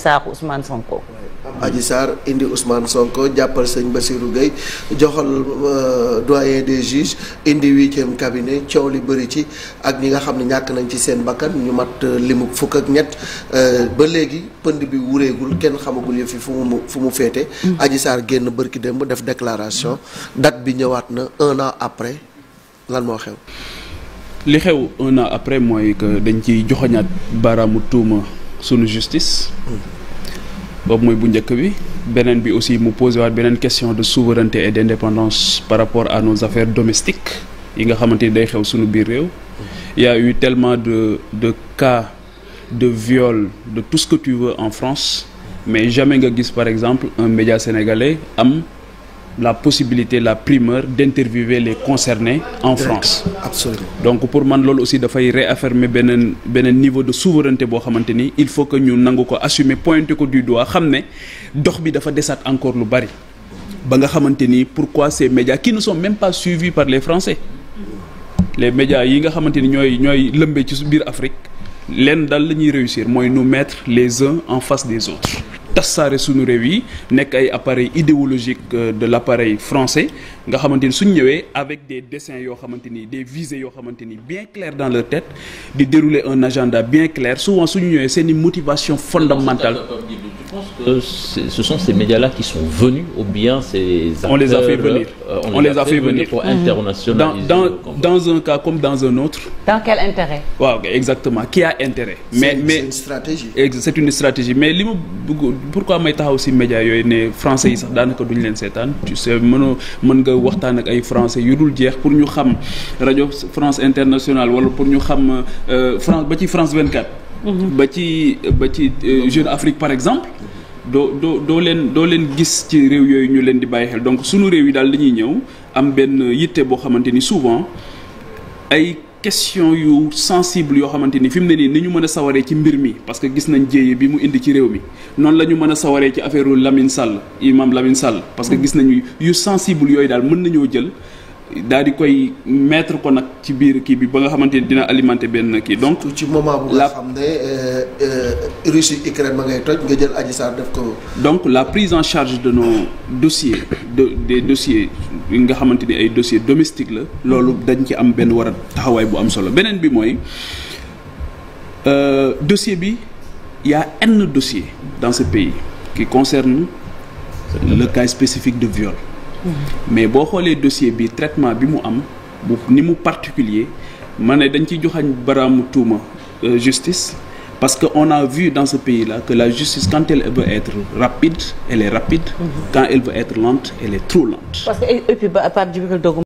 saaxu Ousmane Sonko. Adji Sarr indi Ousmane Sonko jàppal sëñ Bassirou Gueye joxal euh, doyen des juges indi huitième cabinet coow li bëri ci ak ñi nga xam ne ñàkk nañ ci seen bakkan ñu mat euh, limu fukk ak ñett euh, ba léegi pënd bi wureegul kenn xamagul yëf yi fu mu fu mu féete. Adji Sarr génn bërki démb def déclaration date bi ñëwaat na un an après lan moo xew. li xew un an après mooy que dañ ci joxoñaat baaraamu tuuma. sunu justice boobu mooy bu njëkk bi beneen bi aussi mu posé waat beneen question de souveraineté et d'indépendance par rapport à nos affaires domestiques yi nga xamante ni day xew sunu biir réew il y eu tellement de de cas de viol de tout ce que tu veux en France mais jamais nga gis par exemple un média sénégalais am la possibilité la primeur d'interviewer les concernés en Direct. France. Absolument. donc pour man loolu aussi dafay réaffirmer beneen beneen niveau de souveraineté boo xamante ni il faut que ñu nangu ko assumer pointer ko du doigt xam ne dox bi dafa desaat encore lu bari. ba nga xamante ni pourquoi ces média qui ne sont même pas suivis par les Français. les médias yi nga xamante ni ñooy ñooy lëmbee ci biir Afrique lenn daal la ñuy réussir mooy nu mettre les uns en face des autres. tassaare suñu réew yi nekk ay appareil idéologique euh, de l' appareil français nga xamante ni suñ ñëwee avec des dessins yoo xamante ni des visées yoo xamante ni bien claires dans leur tête di dérouler un agenda bien clair souvent suñu ñëwee seen i motivation fondamentale pense que ce sont ces médias-là qui sont venus ou bien ces acteurs, On les a fait venir. Euh, on, les, a, fait, venir. Mhm. dans, dans, dans, un cas comme dans un autre. Dans quel intérêt ouais, Exactement. Qui a intérêt mais, une, une stratégie. C'est une stratégie. Mais li ma bëgg pourquoi may taxaw si médias yooyu ne français yi sax daanaka duñ leen seetaan tu sais mënoo mën nga waxtaan ak ay français yu dul jeex pour ñu xam rajo France Internationale wala pour ñu xam euh, France ba ci France 24. Mm-hmm. ba ci ba ci euh, Jeune Afrique par exemple. doo doo doo leen doo leen gis ci réew yooyu ñu leen di bàyyi xel donc suñu réew yi daal dañuy ñëw am benn yitte boo xamante ni souvent ay question yu sensible yoo xamante ni fi mu ne nii ni ñu mën a sawaree ci mbir mi parce que gis nañ jéeye bi mu indi ci réew mi noonu la ñu mën a sawaree ci affaire Lamine Sall imam Lamine Sall parce que gis nañu yu sensible yooyu daal mën nañoo jël daal di koy mettre ko nag ci biir kii bi ba nga xamante ni dina alimenter benn kii donc. ci moment bu nga xam ne euh, euh, Russie Ukraine ma ngay toj nga jël Adji Sarr def ko. donc la prise en charge de nos dossiers de des nga xamante ni ay dossier domestiques la. loolu dañ ci am benn war a taxawaay bu am solo beneen bi mooy euh, dossier bi y a un dossier dans ce pays qui concerne le cas spécifique de viol. mais boo xoolee dossier bi traitement bi mu am bu ni mu particulier ma ne dañ ciy joxañ baraamu tuuma euh, justice parce que on a vu dans ce pays là que la justice quand elle veut être rapide elle est rapide. Mm-hmm. quand elle veut être lente elle est trop lente.